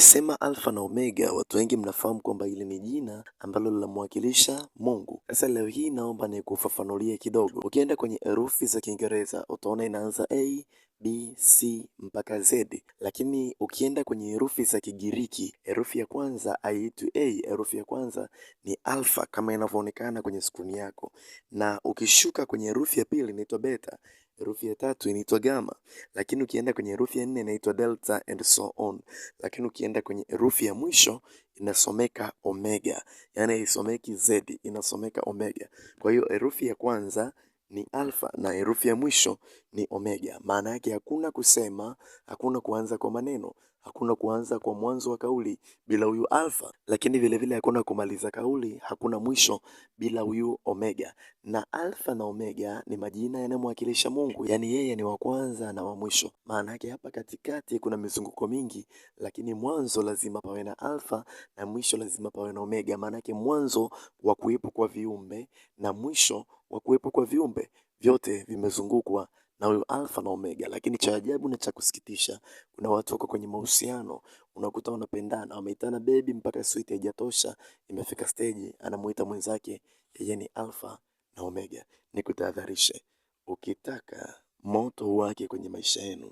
Ukisema Alfa na Omega, watu wengi mnafahamu kwamba ile ni jina ambalo linamwakilisha Mungu. Sasa leo hii naomba nikufafanulie kidogo. Ukienda kwenye herufi za Kiingereza utaona inaanza A, B, C mpaka Z. Lakini ukienda kwenye herufi za Kigiriki, herufi ya kwanza haiitwi A, herufi ya kwanza ni alfa kama inavyoonekana kwenye skrini yako, na ukishuka kwenye herufi ya pili inaitwa beta, herufi ya tatu inaitwa gama, lakini ukienda kwenye herufi ya nne inaitwa delta and so on, lakini ukienda kwenye herufi ya mwisho inasomeka omega, yani haisomeki Z, inasomeka omega. Kwa hiyo herufi ya kwanza ni alfa na herufi ya mwisho ni omega. Maana yake hakuna kusema, hakuna kuanza kwa maneno, hakuna kuanza kwa mwanzo wa kauli bila huyu alfa, lakini vilevile vile hakuna kumaliza kauli, hakuna mwisho bila huyu omega. Na alfa na omega ni majina yanayomwakilisha Mungu, yaani yeye ni wa kwanza na wa mwisho. Maana yake hapa katikati kuna mizunguko mingi, lakini mwanzo lazima pawe na alfa na mwisho lazima pawe na omega. Maana yake mwanzo wa kuwepo kwa viumbe na mwisho wa kuwepo kwa viumbe, vyote vimezungukwa na huyo Alfa na Omega. Lakini cha ajabu na cha kusikitisha, kuna watu wako kwenye mahusiano, unakuta wanapendana, wameitana bebi mpaka switi, haijatosha imefika steji anamuita mwenzake yeye ni Alfa na Omega. Nikutahadharishe, ukitaka moto wake kwenye maisha yenu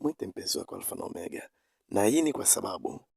mwite mpenzi wako Alfa na Omega, na hii ni kwa sababu